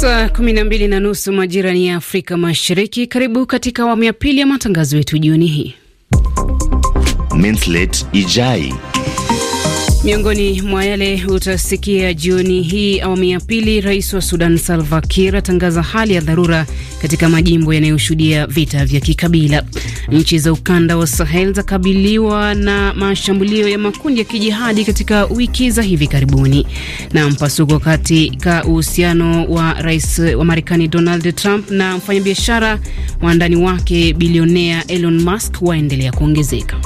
Saa kumi na mbili na nusu majira ni ya Afrika Mashariki. Karibu katika awamu ya pili ya matangazo yetu jioni hii. Ijai Miongoni mwa yale utasikia jioni hii, awamu ya pili, rais wa Sudan Salva Kiir atangaza hali ya dharura katika majimbo yanayoshuhudia vita vya kikabila. Nchi za ukanda wa Sahel zakabiliwa na mashambulio ya makundi ya kijihadi katika wiki za hivi karibuni. Na mpasuko katika uhusiano wa rais wa Marekani Donald Trump na mfanyabiashara wa ndani wake bilionea Elon Musk waendelea kuongezeka.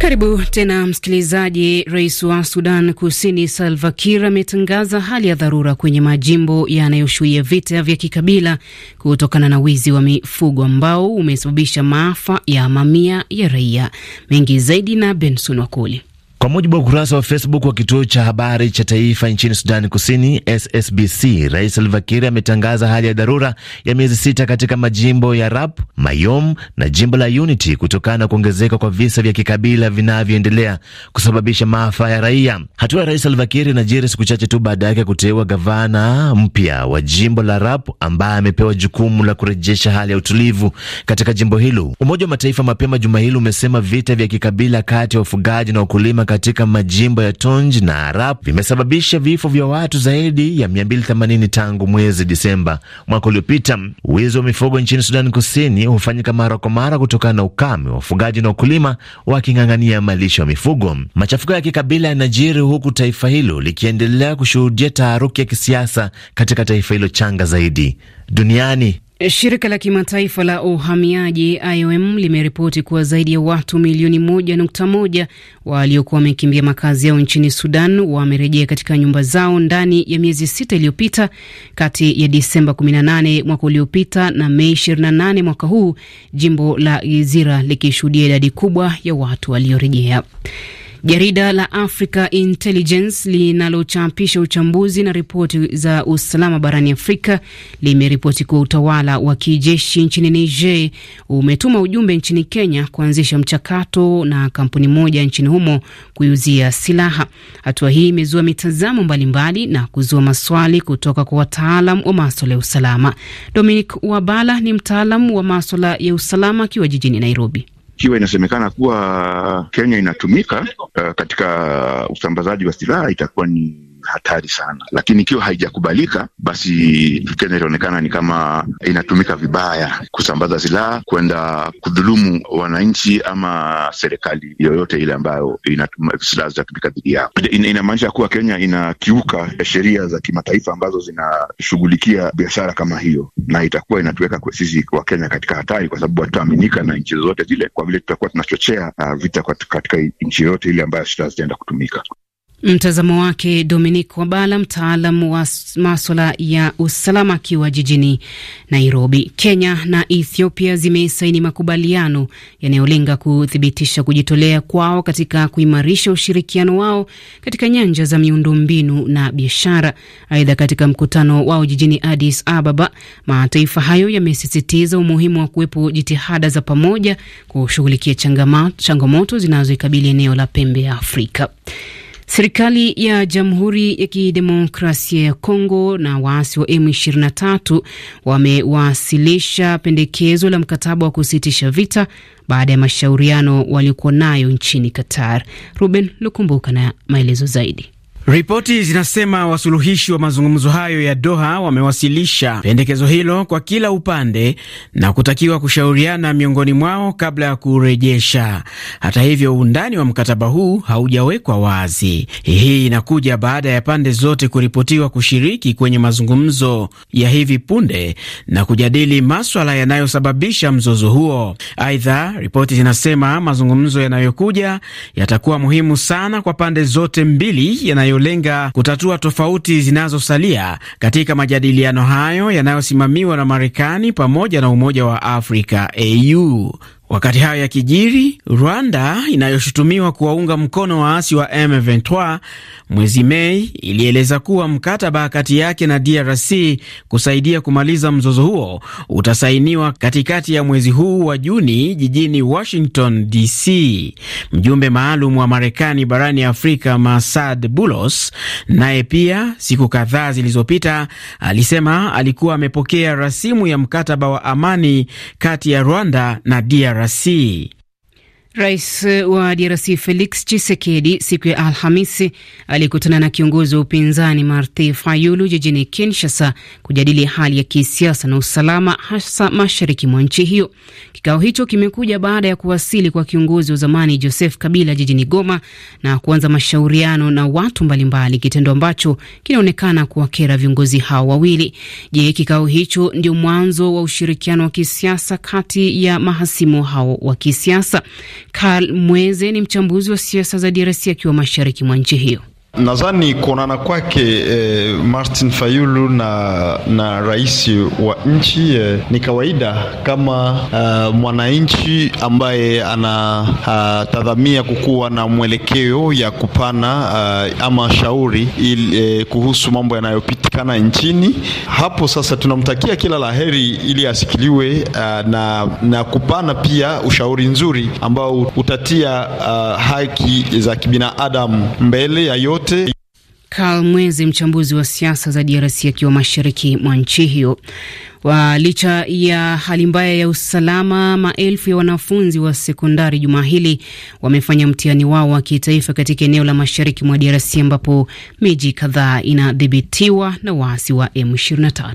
Karibu tena msikilizaji. Rais wa Sudan Kusini Salva Kiir ametangaza hali ya dharura kwenye majimbo yanayoshuhudia vita vya kikabila kutokana na wizi wa mifugo ambao umesababisha maafa ya mamia ya raia. Mengi zaidi na Benson Wakoli. Kwa mujibu wa ukurasa wa Facebook wa kituo cha habari cha taifa nchini Sudani Kusini, SSBC, Rais Salva Kiir ametangaza hali ya dharura ya miezi sita katika majimbo ya Rap, Mayom na jimbo la Unity kutokana na kuongezeka kwa visa vya kikabila vinavyoendelea kusababisha maafa ya raia. Hatua ya Rais Salva Kiir inajiri siku chache tu baada yake kuteua gavana mpya wa jimbo la Rap ambaye amepewa jukumu la kurejesha hali ya utulivu katika jimbo hilo. Umoja wa Mataifa mapema juma hili umesema vita vya kikabila kati ya wafugaji na wakulima katika majimbo ya Tonj na Arap vimesababisha vifo vya watu zaidi ya 280 tangu mwezi Disemba mwaka uliopita. Wizi wa mifugo nchini Sudani Kusini hufanyika mara kwa mara kutokana na ukame, wafugaji na ukulima waking'ang'ania malisho ya mifugo. Machafuko ya kikabila yanajiri huku taifa hilo likiendelea kushuhudia taharuki ya kisiasa katika taifa hilo changa zaidi duniani. Shirika la kimataifa la uhamiaji IOM limeripoti kuwa zaidi ya watu milioni moja nukta moja waliokuwa wamekimbia makazi yao nchini Sudan wamerejea katika nyumba zao ndani ya miezi sita iliyopita, kati ya Disemba 18 mwaka uliopita na Mei 28 mwaka huu, jimbo la Gezira likishuhudia idadi kubwa ya watu waliorejea. Jarida la Africa Intelligence linalochapisha uchambuzi na ripoti za usalama barani Afrika limeripoti kuwa utawala wa kijeshi nchini Niger umetuma ujumbe nchini Kenya kuanzisha mchakato na kampuni moja nchini humo kuiuzia silaha. Hatua hii imezua mitazamo mbalimbali na kuzua maswali kutoka kwa wataalam wa maswala ya usalama. Dominic Wabala ni mtaalam wa maswala ya usalama akiwa jijini Nairobi ikiwa inasemekana kuwa Kenya inatumika uh, katika usambazaji wa silaha itakuwa ni hatari sana, lakini ikiwa haijakubalika, basi Kenya itaonekana ni kama inatumika vibaya kusambaza silaha kwenda kudhulumu wananchi ama serikali yoyote ile ambayo silaha zitatumika dhidi yao. Inamaanisha kuwa Kenya inakiuka sheria za kimataifa ambazo zinashughulikia biashara kama hiyo, na itakuwa inatuweka sisi wa Kenya katika hatari, kwa sababu hatutaaminika na nchi zozote zile, kwa vile tutakuwa tunachochea uh, vita katika nchi yoyote ile ambayo silaha zitaenda kutumika. Mtazamo wake Dominic Wabala, mtaalam wa maswala ya usalama, akiwa jijini Nairobi. Kenya na Ethiopia zimesaini makubaliano yanayolenga kuthibitisha kujitolea kwao katika kuimarisha ushirikiano wao katika nyanja za miundombinu na biashara. Aidha, katika mkutano wao jijini Addis Ababa, mataifa hayo yamesisitiza umuhimu wa kuwepo jitihada za pamoja kushughulikia changamoto zinazoikabili eneo la pembe ya Afrika. Serikali ya Jamhuri ya Kidemokrasia ya Kongo na waasi wa M23 wamewasilisha pendekezo la mkataba wa kusitisha vita baada ya mashauriano waliokuwa nayo nchini Qatar. Ruben Lukumbuka na maelezo zaidi. Ripoti zinasema wasuluhishi wa mazungumzo hayo ya Doha wamewasilisha pendekezo hilo kwa kila upande na kutakiwa kushauriana miongoni mwao kabla ya kurejesha. Hata hivyo, undani wa mkataba huu haujawekwa wazi. Hii inakuja baada ya pande zote kuripotiwa kushiriki kwenye mazungumzo ya hivi punde na kujadili maswala yanayosababisha mzozo huo. Aidha, ripoti zinasema mazungumzo yanayokuja yatakuwa muhimu sana kwa pande zote mbili yanayo yanayolenga kutatua tofauti zinazosalia katika majadiliano hayo yanayosimamiwa na Marekani pamoja na Umoja wa Afrika AU. Wakati hayo yakijiri, Rwanda inayoshutumiwa kuwaunga mkono waasi wa M23 mwezi Mei ilieleza kuwa mkataba kati yake na DRC kusaidia kumaliza mzozo huo utasainiwa katikati ya mwezi huu wa Juni jijini Washington DC. Mjumbe maalum wa Marekani barani Afrika Masad Bulos naye pia siku kadhaa zilizopita alisema alikuwa amepokea rasimu ya mkataba wa amani kati ya Rwanda na DRC. RC Rais eh, wa DRC Felix chisekedi siku ya Alhamisi alikutana na kiongozi wa upinzani marthi Fayulu jijini Kinshasa kujadili hali ya kisiasa na usalama hasa mashariki mwa nchi hiyo. Kikao hicho kimekuja baada ya kuwasili kwa kiongozi wa zamani Joseph Kabila jijini Goma na kuanza mashauriano na watu mbalimbali, kitendo ambacho kinaonekana kuwakera viongozi hao wawili. Je, kikao hicho ndio mwanzo wa ushirikiano wa kisiasa kati ya mahasimu hao wa kisiasa? Karl Mweze ni mchambuzi wa siasa za DRC akiwa mashariki mwa nchi hiyo. Nadhani kuonana kwake eh, Martin Fayulu na, na rais wa nchi eh, ni kawaida kama uh, mwananchi ambaye anatadhamia ah, uh, kukuwa na mwelekeo ya kupana uh, ama shauri il, eh, kuhusu mambo yanayopitikana nchini. Hapo sasa tunamtakia kila laheri ili asikiliwe uh, na, na kupana pia ushauri nzuri ambao utatia uh, haki za kibinadamu mbele ya yote wote. Karl Mwezi, mchambuzi wa siasa za DRC akiwa mashariki mwa nchi hiyo. Wa licha ya hali mbaya ya usalama, maelfu ya wanafunzi wa sekondari juma hili wamefanya mtihani wao wa kitaifa katika eneo la mashariki mwa DRC ambapo miji kadhaa inadhibitiwa na waasi wa M23.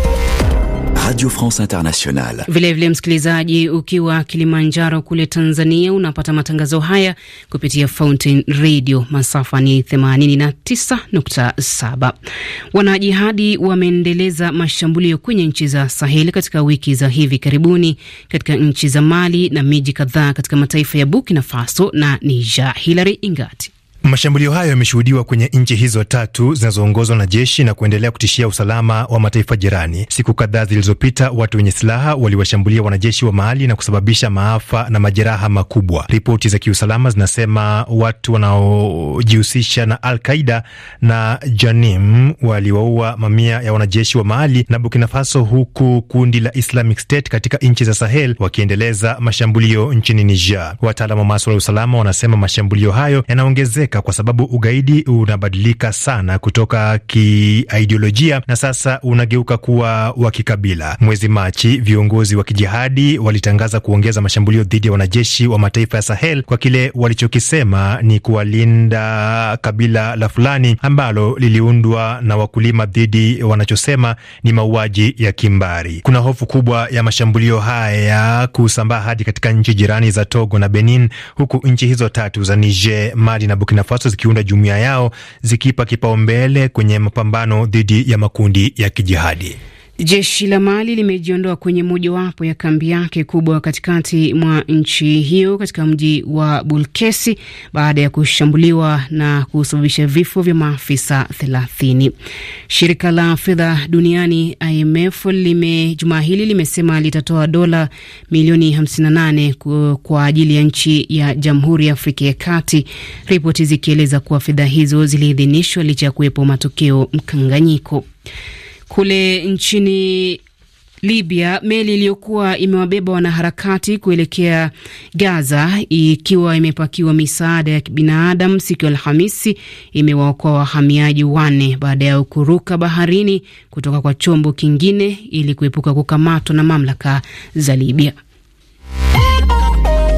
Radio France Internationale. Vilevile msikilizaji, ukiwa Kilimanjaro kule Tanzania, unapata matangazo haya kupitia Fountain Radio, masafa ni 89.7. Wanajihadi wameendeleza mashambulio kwenye nchi za Saheli katika wiki za hivi karibuni katika nchi za Mali na miji kadhaa katika mataifa ya Burkina Faso na Niger. Hilary Ingati Mashambulio hayo yameshuhudiwa kwenye nchi hizo tatu zinazoongozwa na jeshi na kuendelea kutishia usalama wa mataifa jirani. Siku kadhaa zilizopita, watu wenye silaha waliwashambulia wanajeshi wa mahali na kusababisha maafa na majeraha makubwa. Ripoti za kiusalama zinasema watu wanaojihusisha na Al Qaida na Janim waliwaua mamia ya wanajeshi wa mahali na Burkina Faso, huku kundi la Islamic State katika nchi za Sahel wakiendeleza mashambulio nchini Niger. Wataalamu wa maswala ya usalama wanasema mashambulio hayo yanaongezeka kuongezeka kwa sababu ugaidi unabadilika sana kutoka kiaidiolojia na sasa unageuka kuwa wa kikabila. Mwezi Machi, viongozi wa kijihadi walitangaza kuongeza mashambulio dhidi ya wanajeshi wa mataifa ya Sahel kwa kile walichokisema ni kuwalinda kabila la fulani ambalo liliundwa na wakulima dhidi wanachosema ni mauaji ya kimbari. Kuna hofu kubwa ya mashambulio haya kusambaa hadi katika nchi jirani za Togo na Benin, huku nchi hizo tatu za Niger, Mali na Burkina Burkina Faso zikiunda jumuiya yao zikipa kipaumbele kwenye mapambano dhidi ya makundi ya kijihadi. Jeshi la Mali limejiondoa kwenye mojawapo ya kambi yake kubwa katikati mwa nchi hiyo katika mji wa Bulkesi baada ya kushambuliwa na kusababisha vifo vya maafisa 30. Shirika la fedha duniani IMF lime jumaa hili limesema litatoa dola milioni 58 kwa ajili ya nchi ya Jamhuri ya Afrika ya Kati, ripoti zikieleza kuwa fedha hizo ziliidhinishwa licha ya kuwepo matokeo mkanganyiko. Kule nchini Libya, meli iliyokuwa imewabeba wanaharakati kuelekea Gaza ikiwa imepakiwa misaada ya kibinadamu siku ya Alhamisi imewaokoa wahamiaji wanne baada ya kuruka baharini kutoka kwa chombo kingine ili kuepuka kukamatwa na mamlaka za Libya.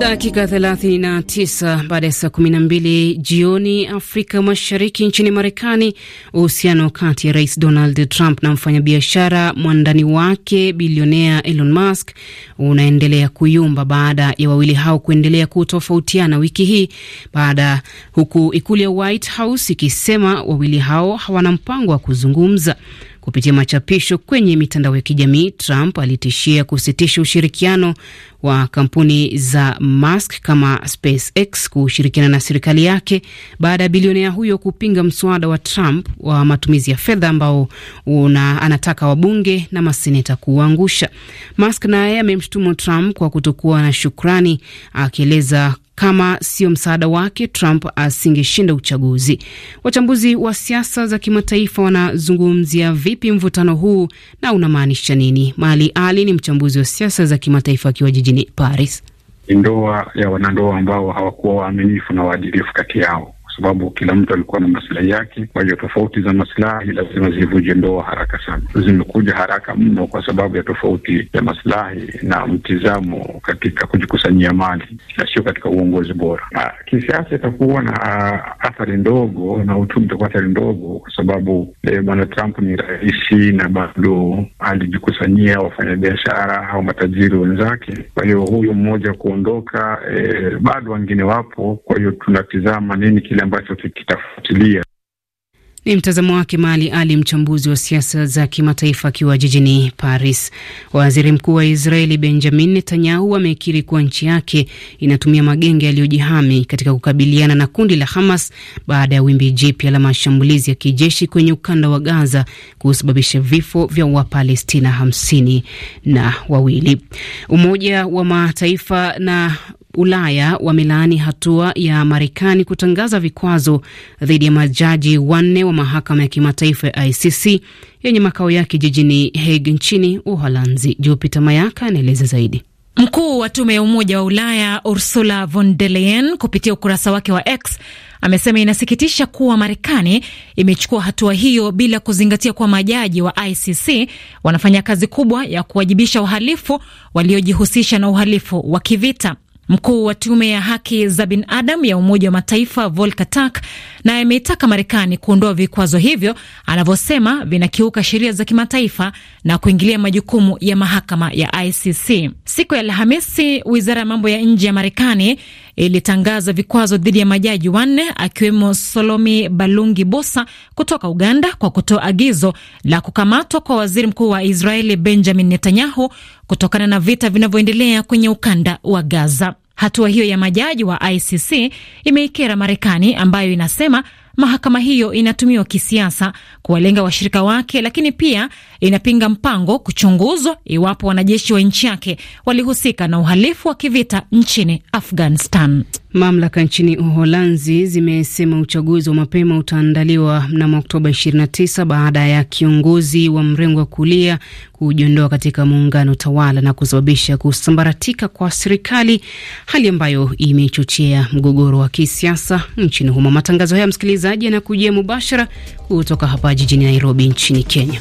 Dakika 39 baada ya saa 12 jioni Afrika Mashariki. Nchini Marekani, uhusiano kati ya Rais Donald Trump na mfanyabiashara mwandani wake bilionea Elon Musk unaendelea kuyumba baada ya wawili hao kuendelea kutofautiana wiki hii baada, huku ikulu ya White House ikisema wawili hao hawana mpango wa kuzungumza. Kupitia machapisho kwenye mitandao ya kijamii, Trump alitishia kusitisha ushirikiano wa kampuni za Musk kama SpaceX kushirikiana na serikali yake baada ya bilionea huyo kupinga mswada wa Trump wa matumizi ya fedha ambao una, anataka wabunge na maseneta kuuangusha. Musk naye amemshutumu Trump kwa kutokuwa na shukrani, akieleza kama sio msaada wake, Trump asingeshinda uchaguzi. Wachambuzi wa siasa za kimataifa wanazungumzia vipi mvutano huu na unamaanisha nini? Mali Ali ni mchambuzi wa siasa za kimataifa akiwa jijini Paris. Ndoa ya wanandoa ambao hawakuwa waaminifu na waadilifu kati yao sababu kila mtu alikuwa na masilahi yake. Kwa hiyo tofauti za masilahi lazima zivuje ndoa haraka sana, zimekuja haraka mno kwa sababu ya tofauti ya masilahi na mtizamo katika kujikusanyia mali na sio katika uongozi bora. kisiasa itakuwa na ah, athari ndogo na uchumi utakuwa athari ndogo, kwa sababu eh, bwana Trump ni rais na bado alijikusanyia wafanyabiashara au matajiri wenzake. Kwa hiyo huyu mmoja kuondoka, e, bado wengine wapo. Kwa hiyo tunatizama nini kile ambacho kitafuatilia. Ni mtazamo wake Mali Ali, mchambuzi wa siasa za kimataifa akiwa jijini Paris. Waziri mkuu wa Israeli Benjamin Netanyahu amekiri kuwa nchi yake inatumia magenge yaliyojihami katika kukabiliana na kundi la Hamas baada ya wimbi jipya la mashambulizi ya kijeshi kwenye ukanda wa Gaza kusababisha vifo vya Wapalestina hamsini na wawili. Umoja wa Mataifa na Ulaya wamelaani hatua ya Marekani kutangaza vikwazo dhidi ya majaji wanne wa mahakama ya kimataifa ya ICC yenye makao yake jijini Hague nchini Uholanzi. Jupiter Mayaka anaeleza zaidi. Mkuu wa tume ya Umoja wa Ulaya Ursula von der Leyen kupitia ukurasa wake wa X amesema inasikitisha kuwa Marekani imechukua hatua hiyo bila kuzingatia kuwa majaji wa ICC wanafanya kazi kubwa ya kuwajibisha uhalifu waliojihusisha na uhalifu wa kivita. Mkuu wa tume ya haki za binadamu ya Umoja wa Mataifa Volker Turk naye ameitaka Marekani kuondoa vikwazo hivyo anavyosema vinakiuka sheria za kimataifa na kuingilia majukumu ya mahakama ya ICC. Siku ya Alhamisi, wizara ya mambo ya nje ya Marekani ilitangaza vikwazo dhidi ya majaji wanne akiwemo Solomi Balungi Bosa kutoka Uganda kwa kutoa agizo la kukamatwa kwa waziri mkuu wa Israeli Benjamin Netanyahu kutokana na vita vinavyoendelea kwenye ukanda wa Gaza. Hatua hiyo ya majaji wa ICC imeikera Marekani ambayo inasema mahakama hiyo inatumiwa kisiasa kuwalenga washirika wake, lakini pia inapinga mpango kuchunguzwa iwapo wanajeshi wa nchi yake walihusika na uhalifu wa kivita nchini Afghanistan. Mamlaka nchini Uholanzi zimesema uchaguzi wa mapema utaandaliwa mnamo Oktoba 29 baada ya kiongozi wa mrengo wa kulia kujiondoa katika muungano tawala na kusababisha kusambaratika kwa serikali, hali ambayo imechochea mgogoro wa kisiasa nchini humo. Matangazo haya, msikilizaji, yanakujia mubashara kutoka hapa jijini Nairobi nchini Kenya.